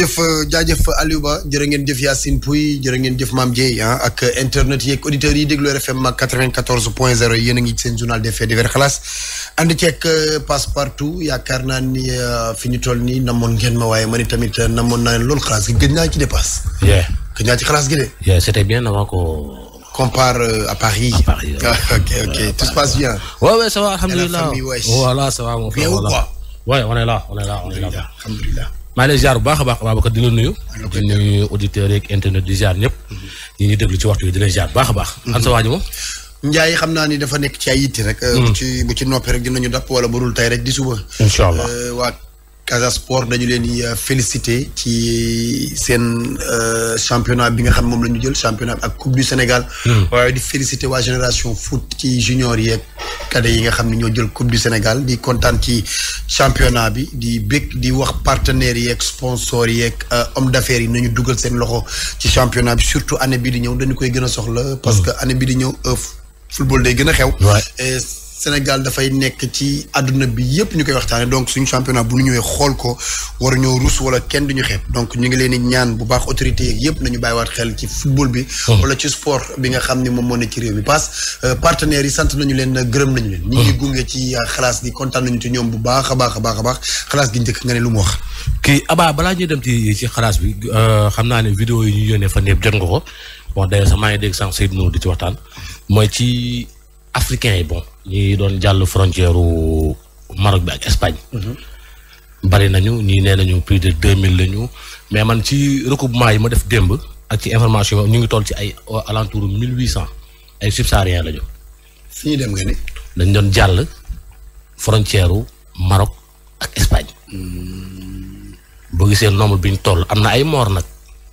jërëjëf jaajëf Aliou Ba jërë ngeen jëf Yacine Pouy jërë ngeen jëf maam Dieye ah, ak internet yeeg auditeurs yi déglu RFM 94 point 0 yéen a ngi seen journal des faits divers xalaas ànd ceeg euh, passe partout yaakaar naa ni euh, fi ñu toll nii namoon ngeen ma waaye man tamit euh, namoon naa loolu xalaas gi gën naa ci dépasse. gën naa xalaas gi de. bien c'était bien avant qu'on compare à Paris. À Paris ouais. ok ok ouais, tout se passe bien. waaw waaw ça va alhamdulilah. Oh, voilà ça va mon frère. bien ou quoi. ouais alhamdulilah. maa ngi lay ziar bu baax a baax Babacar di la nuyu. di nuyu auditeurs yeeg internet di ziar ñëpp. ñi ñuy déglu ci waxtu bi di lay ziar baax a baax. an sa mhm. waa ji moom. Ndiaye xam naa ni dafa nekk ci ay yitti rek. Euh, bu mhm. ci bu ci noppi rek dinañu dàpp wala bu dul tey rek di suba. incha allah euh, waa Casa Sport dañu leen di euh, féliciter ci seen championnat bi nga xam moom la ñu jël championnat ak Coupe du Sénégal. Mhm. waaye di féliciter waa génération foot ci junior yeeg. cadets yi nga xam ne ñoo jël coupe du Sénégal di kontaan ci championnat bi di bég di wax partenaires yi ak sponsors yi ak euh, homme d'affaires yi nañu dugal seen loxo ci championnat bi surtout année bi di ñëw dañu koy gën a soxla parce mm. que année bi di ñëw euh, football day gën a xew Sénégal dafay nekk ci àdduna bi yépp ñu koy waxtaane donc suñu championnat bu ñu ñëwee xool ko war ñoo rus wala kenn duñu xeeb donc ñu ngi leen di ñaan bu baax autorité yëpp yépp nañu bàyyiwaat xel ci football bi wala ci sport bi nga xam ni moom moo nekk ci réew mi paas euh, partenaires yi sant nañu leen gërëm nañu leen ñu ngi gunge ci euh, xalaas gi kontaan nañu ci ñoom bu baax a baax a baax xalaas gi njëkk nga ne lu mu wax kii abaa balaa ñuy dem ci ci xalaas bi euh, xam naa ne vidéo yi ñu yónnee fan yëpp jot ko bon maa ngi dégg sànq Seydou di ci waxtaan mooy ci africain yi bon ñi doon jàll frontière u bi ak Espagne mhm. bari nañu ñii nee nañu plus de deux mille lañu mais man ci recoupement yi ma def démb ak ci information ñu ngi toll ci ay alentour mille huit cent ay subsahariens lañu fi ñu dem nga ni dañ doon jàll frontière u Maroc ak Espagne hmm. boo gisee nombre bi ñu toll am na ay moor nag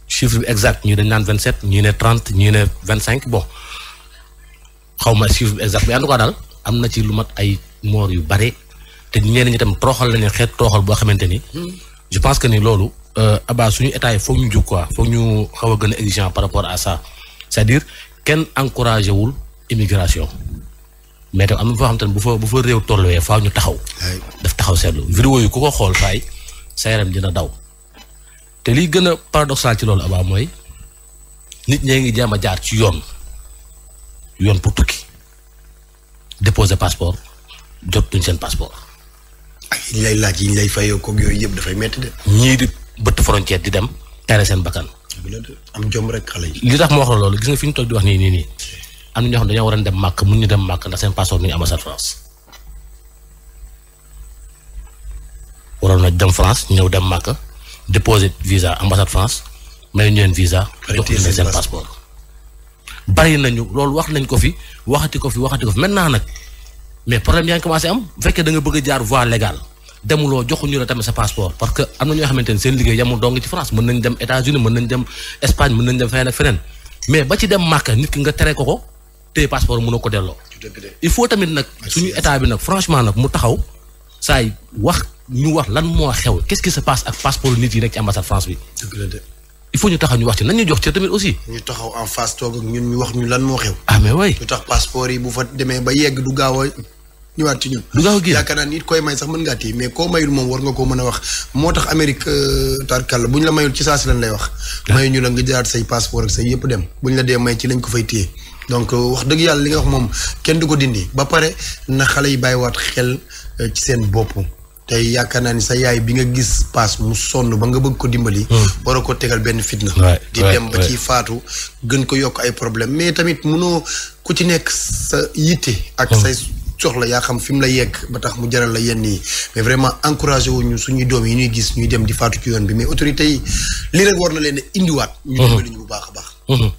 chiffre bi exact ñii dañ naan vingt sept ñii ne trente ñii ne vingt cinq bon xaw ma chiffre exact mais en tout daal am na ci lu mat ay moor yu bare te ñeneen ñi tam troxal nañu xeet tooxal boo xamante ni. Hmm. je pense que ni loolu. Euh, Abba suñu état yi foog ñu jóg quoi foog ñu xaw a gën a exigeant par rapport à ça c'est-à-dire kenn encouragé wul immigration mais tam am na foo xam te bu fa bu fa réew tolluwee faaw ñu taxaw. daf taxaw seetlu vidéo yi ku ko xool faay sa yaram dina daw te liy gën a paradoxal ci loolu Abba mooy nit ñee ngi jéem a jaar ci yoon. yoon pour tukki déposer passeport jot duñ seen passeport. ak yi laaj yi lay fayoo koog yooyu yëpp dafay metti de. ñii di bëtt frontière di dem tere seen bakkan. am jom rek xale yi. li tax ma wax la loolu gis nga fi ñu toog di wax nii nii nii am na ñoo xam dañoo war a dem màkk mun ñu dem màkk ndax seen passeport ñu ambassade France. waroon na dem France ñëw dem màkk déposer visa ambassade France may ñu leen visa. jox leen seen passeport. bari nañu loolu wax nañ ko fi waxati ko fi waxati ko fi naa nag mais problème yaa ngi commencé am bu fekkee da nga bëgg a jaar voie légale demuloo joxuñu la tamit sa passeport parce que am na ñoo xamante ne seen liggéey yamul dong ci France mën nañ dem États-Unis mën Espagne mën nañ dem feneen ak mais ba ci dem Màkka nit ki nga tere ko ko téye passeport mënoo ko delloo. il faut tamit nag suñu état bi nag franchement nag mu taxaw saay wax ñu wax lan moo xew qu'est-ce qui se passe ak passeport nit yi nekk ci ambassade France bi. il faut ñu taxaw ñu wax ci nañ ñu jox ci tamit aussi. ñu taxaw en face toog ñu wax ñu lan moo xew. ah mais waay lu tax passeport yi bu fa demee ba yegg du gaaw a ñëwaat ci ñun. du gaaw a génn yaakaar naa nit koy may sax mën ngaa téye mais koo mayul moom war nga koo mën a wax moo tax Amérique euh, tarkal bu ñu la mayul ci saa si lañ lay wax. Ah. mayu ñu la nga jëlaat say passeport ak yëpp dem bu ñu la dee may ci lañ ko fay téye. donc euh, wax dëgg yàlla li nga wax moom kenn du ko dindi ba pare na xale yi waat xel euh, ci seen bopp tey yaakaar naa ni sa yaay bi nga gis paas mu sonn ba nga bëgg ko dimbali. Hmm. war a ko tegal benn fitna. di dem ba ci faatu gën ko yokk ay problème mais tamit munoo ku ci nekk sa yitte. ak hmm. say soxla yaa xam fi mu la yegg ba tax mu jaral la yenn yi mais vraiment encouragé wu ñu suñuy doom yi ñuy gis ñuy dem di faatu ci yoon bi mais autorités yi lii rek war na leen indiwaat. Hmm. ñu dimbali ñu bu baax a baax.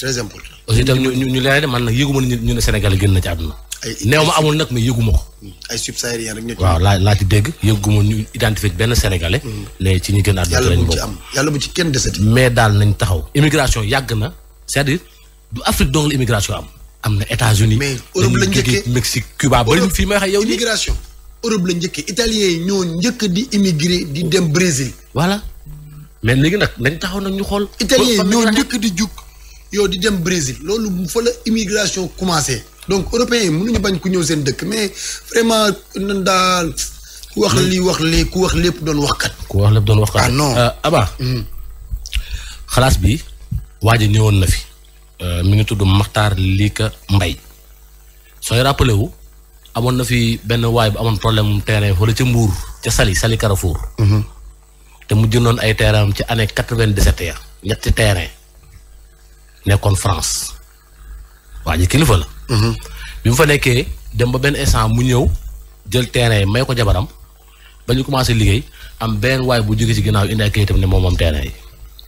très important. ñu ñu ñu leen man nag yëgu ma ñu ne na ci ay néew ma amul nag mais yëgu ma ko. Hmm. ay subsahariens rek ñoo ci. waaw laa laa ci dégg yëgu ma ñu benn sénégalais. Hmm. ne ci am yàlla bu ci kenn desati. mais daal nañ taxaw. immigration yàgg na c'est-à-dire du Afrique dong la immigration am. am na États-Unis mais Europe la njëkkee Mexique Cuba ba fii may wax yow. immigration Europe la njëkkee italiens yi ñoo njëkk di immigré di dem Brésil. voilà mais léegi nag nañ taxaw nag ñu xool. italiens yi ñoo njëkk di jug yow di dem Brésil loolu fa la immigration commencé donc européens yi mënuñu bañ ku ñëw seen dëkk mais vraiment nan daal hmm. wax lii wax li ku wax lépp doon waxkat ku wax lépp doon wax ah non euh, Abba hmm. xalaas bi waaja woon na fi euh, mu ngi tudd Maxtaar lii ka Mbay sooy rappelé wu amoon na fi benn waay bu amoon problème mu terrain wala ca Mbuur ca Sali Sali Carrefour hmm. te mu jëndoon ay terrain am ci année quatre-vingt-dix-sept ya ñetti terrain nekkoon France waa ji kilifa la. Mhm. bi mu fa nekkee dem ba benn instant mu ñëw jël terrain yi may ko jabaram ba ñu commencé liggéey am benn waay bu jógee ci ginnaaw indi ak kayitam ne moom moom terrain yi.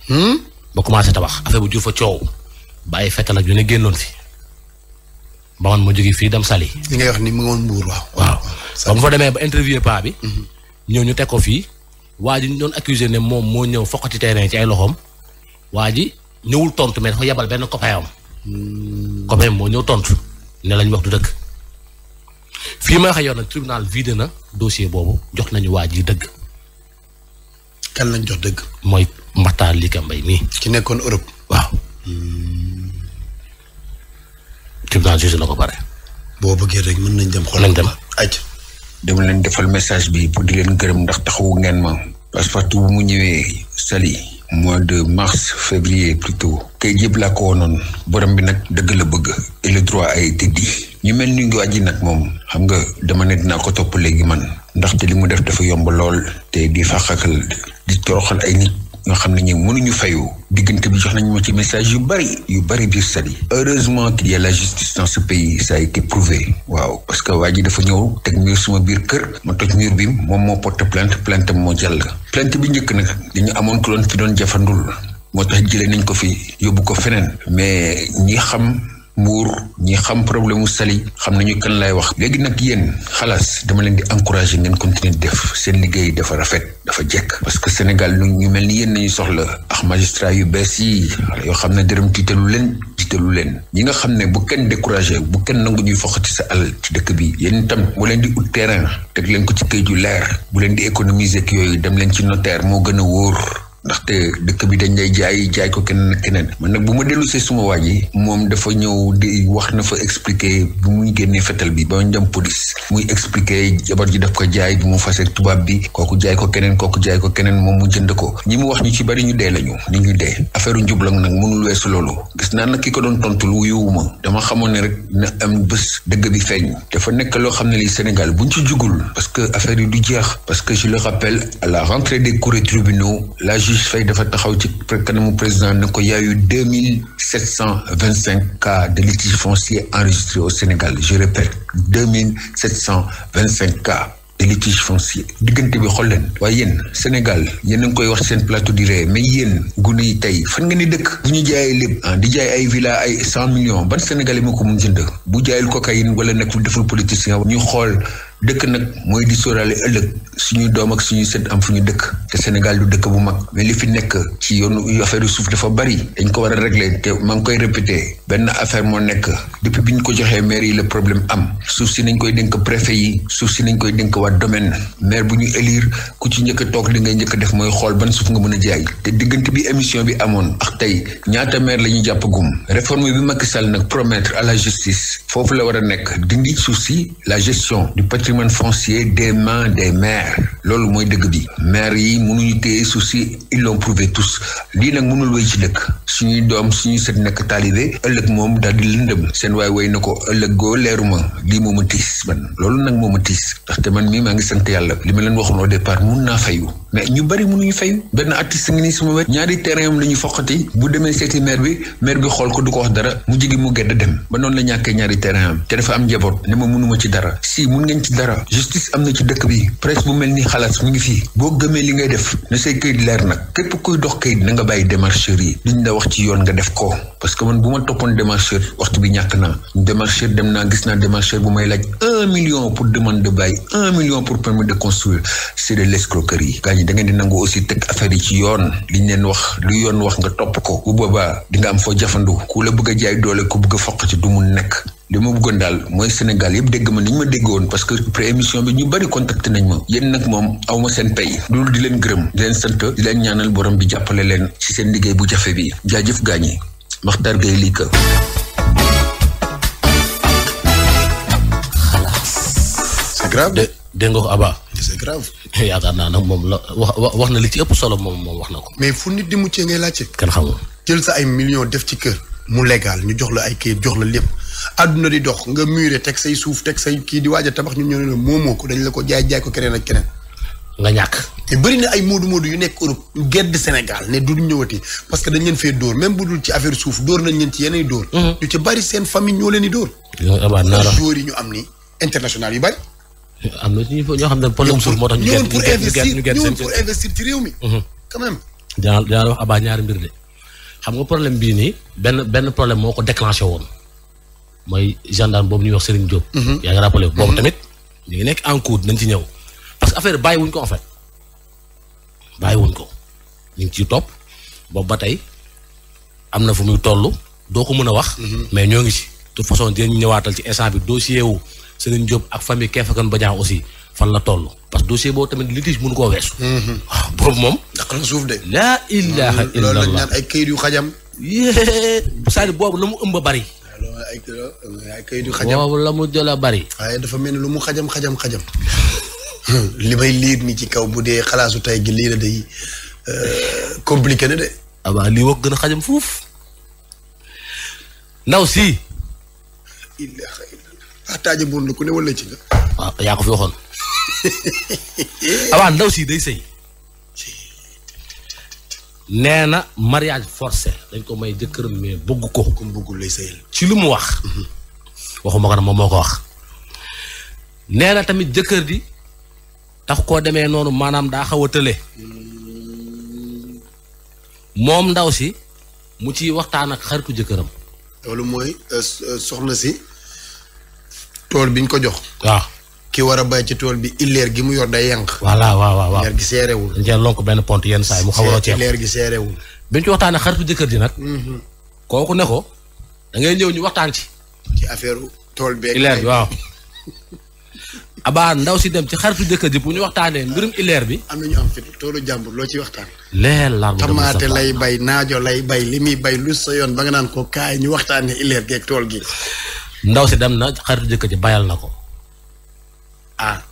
Hmm? commencé tabax affaire bu jur fa coow ba ay fetal ak yu fi ba ma jógee fii dem sali li ngay wax ni mu ngi woon Mbour waaw. waaw ba mu fa demee ba interview pa bi. Mhm. ñëw ñu teg fii waa ji ñu doon accusé ne moom moo ñëw foqati terrain ci ay loxoom waa ji ñëwul tontu mais dafa yebal benn copain am hmm. copain moo ñëw tontu ne la wax du dëgg fii ma waxee yoon nag tribunal vidé na dossier boobu jox nañu waa ji dëgg. kan lañ jox dëgg. mooy Makhtar Lika Mbaye nii ci nekkoon Europe. waaw. Hmm. tribunal jugé na ko pare. boo bëggee rek mën nañ dem xool. nañ dem aj dama leen defal message bi pour di leen gërëm ndax taxawu ngeen ma. parce que bu mu ñëwee Saly. mois de mars février plutôt kay yëpp laa ko wonoon borom bi nag dëgg la bëgg et le droit a été dit ñu mel ni ngi wàjji nag moom xam nga dama ne dinaa ko topp léegi man ndaxte li mu def dafa yomb lool te di fàqakal di toroxal ay nit nga xam ne ñu mënuñu fayu diggante bi jox nañ ma ci message yu bari yu bari biir sali heureusement qu'il y a la justice dans ce pays ça a été waaw parce que waa ji dafa ñëw teg mur suma biir kër ma toj mur bi moom moo porte plainte plainte moo jàll plainte bi njëkk nag dañu amoon ku doon fi doon jafandul moo tax jëlee nañ ko fi yóbbu ko feneen mais ñi xam mbuur ñi xam problème mu sali xam nañu kan lay wax léegi nag yéen xalaas dama leen di encourager ngeen continuer def seen liggéey dafa rafet dafa jekk parce que Sénégal nu ñu mel ni yéen nañu soxla ak magistrat yu bees yi wala yoo xam ne dërëm tiitalu leen tiitalu leen ñi nga xam ne bu kenn découragé bu kenn nangu ñuy foxati sa all ci dëkk bi yéen tam bu leen di ut terrain teg leen ko ci këyit yu leer bu leen di économiser ak yooyu dem leen ci notaire moo gën a wóor ndaxte dëkk bi dañ lay jaay jaay ko keneen ak keneen man nag bu ma dellu see suma waa yi moom dafa ñëw wax na fa expliquer bu muy génnee fetal bi ba dem police muy expliquer jabar ji daf ko jaay bi mu fasee tubaab bi kooku jaay ko keneen kooku jaay ko keneen moom mu jënd ko ñi mu wax ñu ci bari ñu dee lañu ni ñu dee affaire njublang nag mënul weesu loolu gis naa nag ki ko doon tontu lu wuyuwuma dama xamoon ne rek na am bës dëgg bi feeñ dafa nekk loo xam ne li Sénégal buñ ci jugul parce que affaire yi du jeex parce que je le rappelle à la rentrée des Tidiane dafa taxaw ci kanamu président ne ko yaayu a eu deux mille vingt cinq cas de litige foncier enregistrés au Sénégal je répète deux mille sept cent vingt cinq cas. de litige foncier diggante bi xool leen waaye yéen Sénégal yéen a ngi koy wax seen plateau di ree mais yéen gune yi tey fan ngeen ni dëkk bu ñu jaayee lépp ah di jaay ay villa ay cent millions ban Sénégalais moo ko mun jënd bu jaayul cocaïne wala nekk deful politicien ñu xool dëkk nag mooy di sóoraale ëllëg suñu doom ak suñu sët am fu ñu dëkk te Sénégal du dëkk bu mag mais li fi nekk ci yoonu affaire suuf dafa bari dañ ko war a regle te maa ngi koy répété benn affaire moo nekk depuis bi ñu ko joxee maire yi la problème am suuf si nañ koy dénk préfet yi suuf si nañ koy dénk waa domaine maire bu ñu élire ku ci njëkk toog li ngay njëkk def mooy xool ban suuf nga mën a jaay te diggante bi émission bi amoon ak tey ñaata maire la ñuy jàpp gum réforme bi Macky Sall nag promettre à la foofu la war a nekk dindi suuf si la gestion patrimoine foncier des mains des maires loolu mooy dëgg bi maire yi mënuñu téye suuf si ils l'ont prouvé tous lii nag mënul wéy ci dëkk suñuy doom suñuy sët nekk taalibe ëllëg moom daal di lëndëm seen waay way na ko ëllëg goo leeruma lii mooma tiis man loolu nag moom mooma tiis ndaxte man mii maa ngi sant yàlla li ma leen waxoon au départ mun naa fayu mais ñu bëri mënuñu fayu benn artiste ngi nii sama wet ñaari terrain am la ñu foqati bu demee seeti maire bi maire bi xool ko du ko wax dara mu jigi mu gedd dem ba noonu la ñàkkee ñaari terrain am te dafa am njaboot ne ma mënuma ci dara si mun ngeen ci dara justice am na ci dëkk bi presse bu mel ni xalaas mu ngi fii boo gëmee li ngay def na say këyit leer nag képp koy dox këyit na nga bàyyi démarcheur yi liñ la wax ci yoon nga def ko parce que man bu ma toppoon démarcheur waxtu bi ñàkk naa démarcheur dem naa gis naa démarcheur bu may laaj un million pour demande de bail un million pour permis de construire c'est de ni da ngeen di nangu aussi teg affaire yi ci yoon liñ leen wax lu yoon wax nga topp ko bu boobaa di nga am foo jafandu ku la bëgg a jaay doole ku bëgg a foq ci du mu nekk li ma bëggoon daal mooy Sénégal yëpp dégg ma ni ñu ma déggoon parce que pré bi ñu bari contacté nañ ma yéen nag moom aw ma seen pay loolu di leen gërëm di leen sant di leen ñaanal borom bi jàppale leen ci seen liggéey bu jafe bi jaajëf gaañi Makhtar Gueye lii ka grave de dégg nga ko c'est grave. yaakaar naa nag moom la wax wax na li ci ëpp solo moom moom wax na ko. mais fu nit di muccee ngay laajte. kenn xamul jël sa ay millions def ci kër. mu légal ñu jox la ay kayit jox la lépp àdduna di dox nga muré teg say suuf teg say kii di waaj a tabax ñu ñoo ne la moomoo ko dañ la ko jaay jaay ko keneen ak keneen. nga ñàkk. te bëri na ay moodu moodu yu nekk Europe yu gedd Sénégal ne du ñëwati parce que dañ leen fee dóor même bu dul ci affaire suuf dóor mm-hmm. ñu ci bari seen famille am na ci ñoo xam ne problème suuf moo tax. ñu gën ñu gën ñu gën seen pour investir ci réew mi. Mhm. quand même. dinaa dinaa wax abaa ñaari mbir de xam nga problème bii nii benn benn problème moo ko déclenché woon mooy gendarme boobu ñuy wax Serigne Diop. Mhm. yaa ngi rappelé boobu mhm. tamit ñu ngi nekk en cours nañ ci ñëw parce que affaire bàyyi wuñ ko en fait bàyyi wuñ ko ñu ngi ciy topp boobu ba tey am na fu muy toll doo ko mën a wax. mais ñoo ngi ci de toute façon dinañ ñëwaatal ci instant bi dossier wu. Serigne Diop ak famille Kefakan Badian aussi fan la toll parce que dossier boobu tamit litige mënu koo weesu. Mhm. boobu moom. ndax na suuf de. laa ilaaha illallah ay kayit yu xajam. c'est-à-dire boobu la mu ëmb bari. kayit yu xajam boobu la bari. waaye dafa mel ni lu mu xajam xajam xajam. li may liir ni ci kaw bu dee xalaasu tay gi lii la day euh, compliqué na de. abaa ah lii woo gën a xajam fuuf. ndaw si. attaaje mbuur la ku ne ci nga. waaw yaa ko fi waxoon. awaan ndaw si day sëy. nee na mariage forcé dañ ko may jëkkër mais bëgg ko. ci lu mu wax. Mhm. waxuma ko nag moom moo ko wax. neena tamit jëkkër di tax koo demee noonu maanaam daa xaw a tële. moom ndaw si mu ciy waxtaan ak xaritu jëkkëram. Euh, soxna si. tool biñ ko jox. waaw ki war a bay ci tool bi illeer gi mu yor day yànq. voilà waaw waaw waaw leer gi seerewul. dañ cee lonk benn pont yenn saa yi mu xaw a. ceeb leer gi seerewul. biñ ci waxtaanee xaritu jëkkër ji nag. Mm-hmm. kooku ne ko da ngay ñëw ñu waxtaan ci. ci affaire tool beeg. illeer bi waaw. Aba ndaw si dem ci xaritu jëkkër ji bu ñu waxtaanee mbirum illeer bi. am na ñu am fi toolu jàmbur loo ci waxtaan. leer larme tamaate lay bay naajo lay bay li muy bay lu sa yoon ba nga naan ko kaay ñu waxtaanee illeer geeg tool gi ndaw si dem na xaritu jëkk ji bayal na ko. ah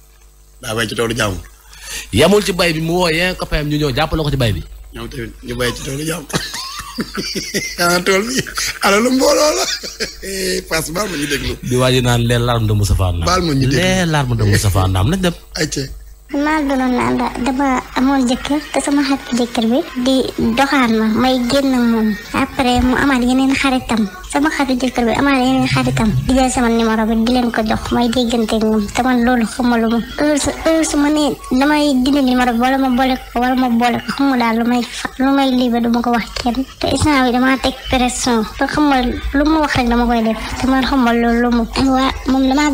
daa bay ci toolu jàmbur. yamul ci bay bi mu woo yeneen copain ñu ñëw jàppale ko ci bay bi. ñoom tamit ñu bay ci toolu jàmbur. xanaa ah, tool bi alalu mbooloo la eh, baal ma ñu déglu. di waaj naan les larmes de Moustapha Ndam. baal ma ñu déglu les larmes de Moustapha dem. ayca. maa doonoon naa da dama amoon jëkkër te sama xarit jëkkër bi di doxaan ma may génn moom après mu amaat yeneen xaritam sama xarit jëkkër bi amaat yeneen xaritam di jël sama numéro bi di leen ko jox may déggante ak moom te man loolu xamaluma heure su heure su ma nee damay dindi numéro ma boole ko wala ma boole ko xamuma daal lu may lu may lii ba du ma ko wax kenn te instant bi damaa teg pression te xamal lu ma wax rek dama koy def te man xamal loolu lu mu waa ma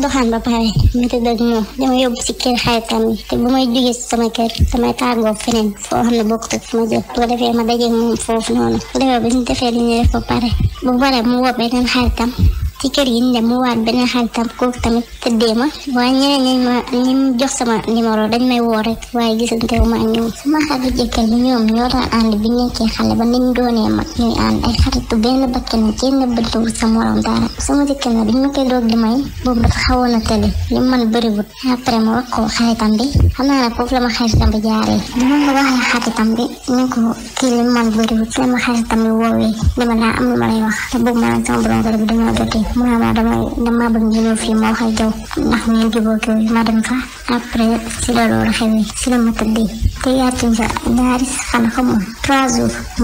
tëdd ak ñoom dama yóbbu bu may jógee sama kër damay tàggoo feneen foo xam ne bokkut ak sama jot bu ko defee ma dajeeg moom foofu noonu bu defee bu ñu defee li ñu ba pare bu pare mu woo beneen xaritam ci kër yi ñu dem mu waat beneen xarit tam kooku tamit tëddee ma waaye ñeneen ñi ma ñi jox sama numéro dañ may woo rek waaye gisante wu ma ak ñoom sama xarit jëkkër bi ñoom ñoo daan ànd bi nekkee xale ba niñ doonee mag ñuy ànd ay xaritu benn bakkan kenn bëntuwul sa morom dara sama jëkkër nag biñ ma koy doog di may boobu dafa xawoon a tële li man bëriwut après ma wax ko xaritam bi xam naa nag foofu la ma xaritam bi jaaree dama ko wax la xaritam bi ni ko kii li man bëriwut la ma xaritam bi woowee dama daa am lu ma lay wax te boobu ma nag sama borom kër bi dañoo jotee mu ne ma damay dama bëgg nga ñëw fii ma wax ak yow ndax ñu jubóo kër ma dem fa après si la loolu xewee si ma tëddee te yaatuñ sa ma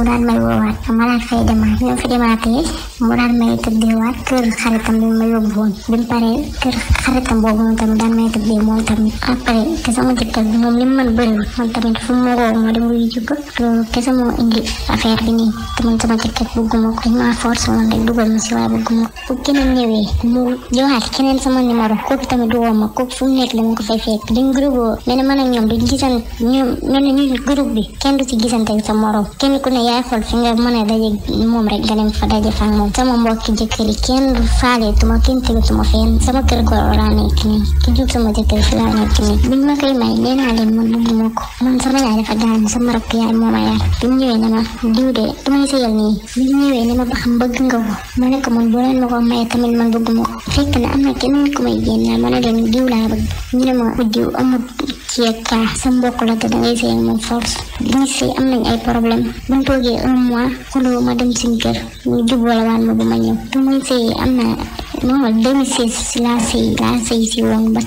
daan fay demaat ñoo fi demaatee mu daan may tëddeewaat kër xaritam bi ma yóbbu woon bi mu paree kër xaritam boobu moom tamit daan may te sama jëkkër bi moom li mu mën bëriwul fu mu woo moo dem wuyu jikko loolu kese moo indi affaire bi nii te man sama jëkkër bëgguma ko dañ force woon rek dugal ma si waaye bëgguma ko keneen ñëwee mu joxaat keneen sama numéro kooku tamit du woo ma kooku fu mu nekk dama ko fay fekk dañ groupe woo mais ne man ak ñoom duñ gisan ñoom mel ni ñun groupe bi kenn du ci gisante sa morom kenn ku ne yaay xool fi nga mën a daje moom rek nga dem fa daje fa moom sama mbokki jëkkër yi kenn faale tuma kenn tegatuma fenn sama kër goro laa nekk nii ki jur sama jëkkër si laa nekk nii buñ ma koy may nee naa leen man bugguma ko man sama yaay dafa daan sama rakk yaay moo ma yar bi mu ñëwee ne ma diw de du may sëyal nii bi mu ñëwee ne ma ba xam bëgg nga ko ma ne ko man boo leen ma ko may waaye tamit man bëgguma ko fekk na am na keneen ku may génneel ma ne leen diw laa bëgg ñu ne ma ku sa mbokk la te dangay sëy moom force li ñu sëy ay problème buñ toogee un mois xuloo ma dem suñ kër muy waan ma bu ma ñëw bu may non 2016 si ba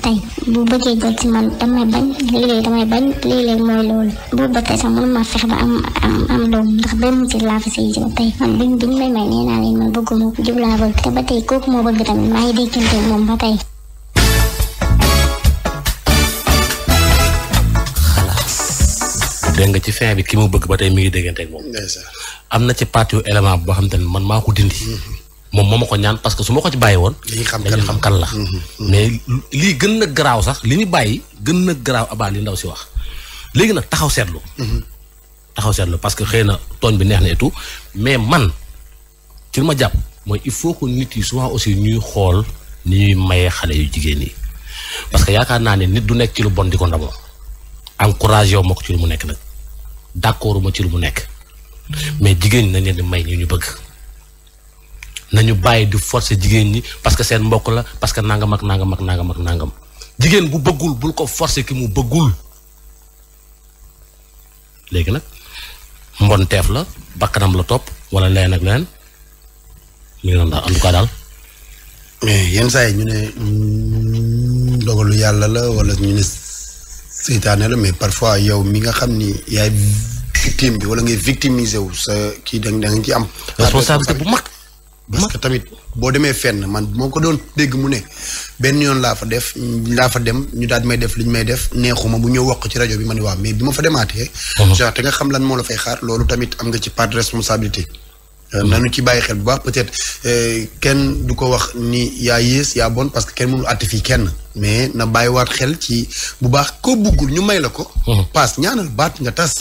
tey bu bëggee man damay bañ léeg-léeg damay bañ léeg-léeg mooy loolu boobu ba tey sax mënuma fex nga ci fin bi ki mu bëgg ba tey mi ngi déggante ak moom. am na ci partie élément boo xam te ne man maa ko dindi. moom moo ma ko ñaan parce que su ma ko ci bàyyi woon. dañuy xam kan la mm-hmm. Mm-hmm. mais lii gën na garaaw sax li ñu bàyyi gën na garaaw abaa li ndaw si wax léegi nag taxaw seetlu. Mm-hmm. taxaw seetlu parce que xëy na tooñ bi neex na et mais man ci ma jàpp mooy il faut que nit yi souvent aussi ñuy xool ni ñuy mayee xale yu jigéen yi parce que yaakaar naa ne nit du nekk ci lu bon di ko ndamoo encouragé yow ma ko ci lu mu nekk nag d'accord ma ci lu mu nekk mais jigéen ñi nañ leen di may ñu ñu bëgg. nañu bàyyi di forcer jigéen ñi parce que seen mbokk la parce que nangam ak nangam ak nangam ak nangam jigéen bu bëggul bul ko forcer ki mu bëggul léegi nag mbonteef la bakkanam la topp wala leen ak leen mu ngi doon daal en tout cas daal. mais yenn saa yi ñu ne mm, dogalu yàlla la wala ñu ne seytaane la mais parfois yow mi nga xam ni yaay victime bi wala ngay victimiser wu sa kii da nga ci am. responsabilité bu mag. parce que tamit boo demee fenn man moo ko doon dégg mu ne benn yoon laa fa def laa fa dem ñu daal di may def li ñu may def neexuma bu ñëw wax ci rajo bi ma ne waa mais bi ma fa demaatee. Mhm. genre te nga xam lan moo la fay xaar loolu tamit am nga ci part de responsabilité. Euh, mhm. nanu ci bàyyi xel bu baax peut-être euh, kenn du ko wax ni yaa yées yaa bon parce que kenn mënu àtte fii kenn mais na bàyyiwaat xel ci bu baax ko buggul ñu may la ko. Mhm. paas ñaanal baat nga tas.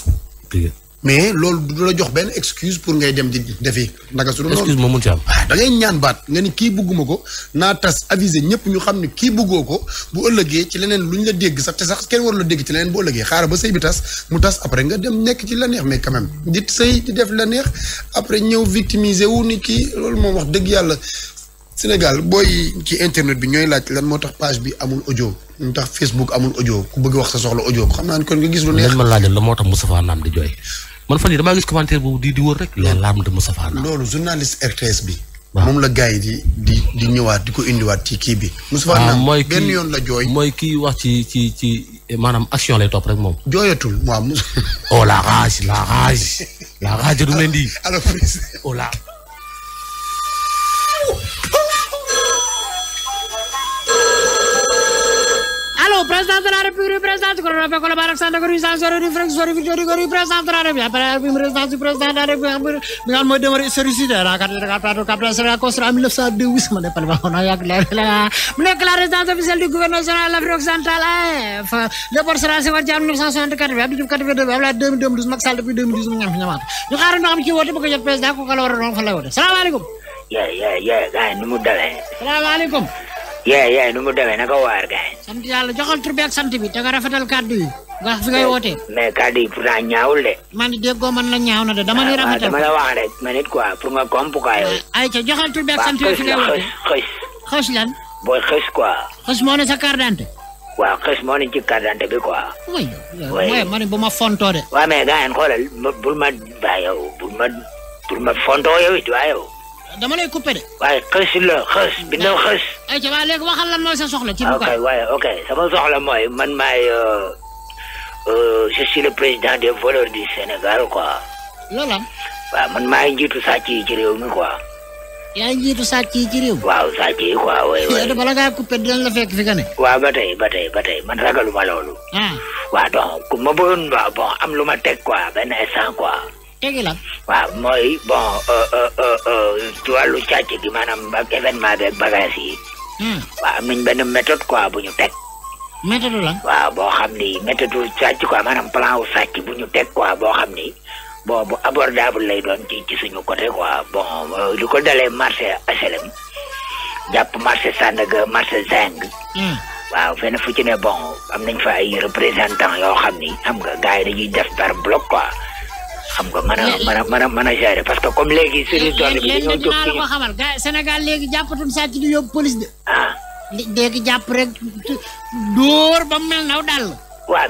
mais loolu du la jox benn excuse pour ngay dem di defi ndaga su excuse moom mun ci am ah, da ngay ñaan baat nga ni kii bëgguma ko naa tas aviser ñëpp ñu xam ne kii bëggoo ko bu ëllëgee ci leneen lu ñu la dégg sax te sax kenn war la dégg ci leneen bu ëllëgee xaaral ba sëy bi tas mu tas après nga dem nekk ci la neex mais quand même di sëy di def la neex après ñëw victimiser wu ni kii loolu moom wax dëgg yàlla Sénégal booy ci internet bi ñooy laaj lan moo tax page bi amul audio ñu tax Facebook amul audio ku bëgg wax sa soxla audio ko xam naa ni kon nga gis lu neex. lan ma laajal la moo tax Moustapha Naam di jooy. man fan yii damaa gis commentaire boobu di di wër rek. les larmes de Moustapha Name. loolu journaliste RTS bi. moom la gars yi di di di ñëwaat di ko indiwaat ci kii bi. Moustapha ah, mooy benn yoon la jooy mooy kii wax ci ci ci maanaam action lay topp rek moom. jooyatul waaw. oh la rage la rage. la rage du lundi. alors oh la. Alô, presidente da República, presidente, coronel Pecola, Barafsanda, Corinthians, Zoro, Reflex, Zoro, Vitória, Gori, presidente da República, presidente, presidente da República, Miguel Moidemar, Soricida, na carta da Capra, do Capra, será construída em 1912, mané, para baixo, na Yaclara, mané, clara, residência oficial do governo nacional da África Central, le por será se guardiar 1964, vai abrir 42, vai abrir 2012, Max Sal, 2012, não é minha ñu xaaral ñu am ci woote bëgg a jot président ku ko la war a doon fa lay woote salaamaaleykum. yaa yaa yaa gars yi ni mu dalee. salaamaaleykum. yee yee nu mu demee naka waar gaay. sant a joxal tur bi a sant bi te nga rafetal kàddu yi. nga fi ngay wootee. mais kàddu yi pourtant ñaawul de. man de déggoo man la ñaaw na de dama ni ah, ah, rafetal. dama la rek ma nit quoi pour nga komp quoi yow. Ah, ayca joxal tur a ak sant bi fi ngay wootee xës xës lan. booy xës quoi. xës moo ne sa carte d'identité. waaw xës moo ne ci bi quoi. oui oui bu ma fontoo de. waaw mais gars yi xoolal bul ma bul ma bul ma fontoo yow it dama lay coupé de. waaye xës la xës bi na xës. ayca waaye léegi mooy sa soxla. ci Louga ah, waaye ok sama soxla mooy man maay euh, euh, je suis le président des voleurs du Sénégal quoi. loolu man maay njiitu sàcc yi mi quoi. yaa ngi jiitu sàcc yi ci réew. waaw sàcc yi quoi oui bala ngaa coupé dinañ la fi nga ne. waaw ba tey ba tey ba tey man ragaluma loolu. Ah. waaw donc ku ma bëggoon waaw bon am lu ma teg quoi benn instant quoi. léegi lan. waaw mooy bon euh, euh, euh, ci wàllu càcc gi maanaam ak événement beeg bagage yi. Hmm. waaw am nañ benn méthode quoi bu ñu teg. méthode lan. waaw boo xam ni méthode sàcc quoi maanaam plan wu sàcc bu ñu teg quoi boo xam ni bon bu abordable lay doon ci ci suñu côté quoi bon lu ko dalee marché HLM jàpp marché Sandaga marché Zing. Hmm. waaw fenn fu ci ne bon am nañ fa ay représentants yoo xam ni xam nga gars yi def par bloc quoi. xam nga mën a mën a mën a mën a gérer parce que comme léegi service d'ordre bi dañoo jóg ci ko xamal gars Sénégal léegi jàppatum sàcc du yóbbu police de ah léegi jàpp rek ba mu mel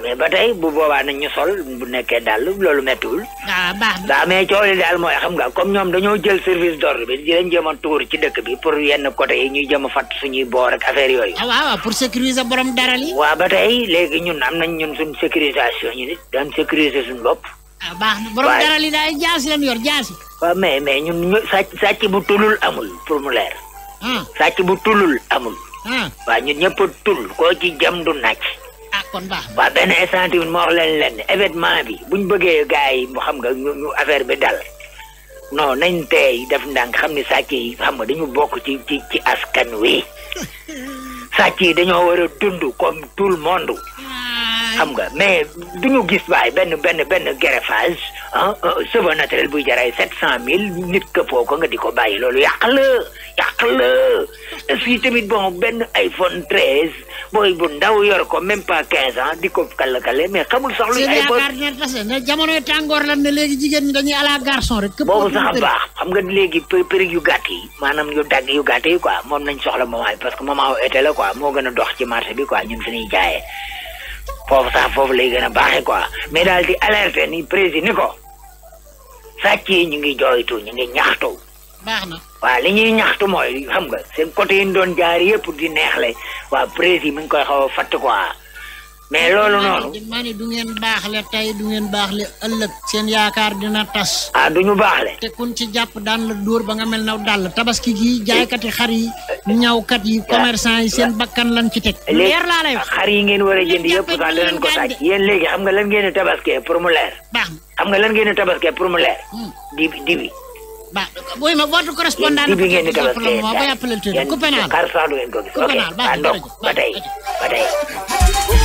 mais ba tey bu boobaa nañ ñu sol bu nekkee dàll loolu méttiwul waaw ah, baax waaw mais coow li daal mooy xam nga comme ñoom dañoo jël service d'ordre bi di leen jéem a tuur ci dëkk bi pour yenn côté yi ñuy jëm a fàtt suñuy boor ak affaire yooyu ah, waaw pour sécuriser borom dara li waaw ba tey léegi ñun am nañ ñun suñ sécurisation ñu nit daan sécuriser suñu bopp waaw ah, baax na borom dara li daal jaasi yor jaasi. waaw mais mais ñun ñu sàcc sàcc bu tulul amul pour mu leer. Ah. sàcc bu tulul amul. Ah. waaw ñun ñëpp tul ko ci jam du naaj. ah kon baax na waaw benn instant bi ma leen leen événement bi bu ñu bëggee gars yi mu xam affaire bi dal non nañ tey def ndànk xam ni sàcc yi xam dañu bokk ci ci ci askan wi sàcc yi dañoo war a dund comme tout le monde. xam nga mais du ñu gis waaye benn benn benn greffage ah cheveux naturel buy jaray sept cent mille nit këppoo ko nga di ko bàyyi loolu yàq la yàq la et puis tamit bon benn iPhone treize booy bu ndaw yor ko même pas quinze ans di ko kàlla kàlla mais xamul sax lu ñu. iPhone si tàngoor la ne léegi jigéen ñi dañuy ala garçon xam nga léegi perruque yu gàtt yi maanaam yu dagg yu gàtt yi soxla moment bi parce que moment wu été la moo gën a dox ci marché bi quoi ñun fi ñuy jaayee. foofu sax foofu lay gën a baaxee quoi mais daal di alerter ni président ni ko sàcc yi ñu ngi jooytu ñu ngi ñaxtu. baax na waaw li ñuy ñaxtu mooy xam nga seen côté yi ñu doon jaar yëpp di neexle waa président mi ngi koy xaw a fàtt quoi. mais loolu noonu. ma ni du ngeen baaxle tey du ngeen baaxle ëllëg. seen yaakaar dina tas. a ah, du ñu baaxle. te kun ci jàpp daan la dóor ba nga mel naw dàll tabaski gi jaaykati xar yi. ñawkat yi commerçant yi seen bakkan lan ci teg. leer laa lay wax xar yi ngeen war a jënd yëpp sax danañ ko sàcc. yéen léegi xam nga lan ngeen di tabaskee pour mu leer. baax na xam nga lan ngeen di tabaskee pour mu leer. Hmm. dibi dibi. baax booy ma votre correspondant. dibi ngeen di tabaskee yéen yéen xar sax du ngeen ko gis. ok ba tey ba tey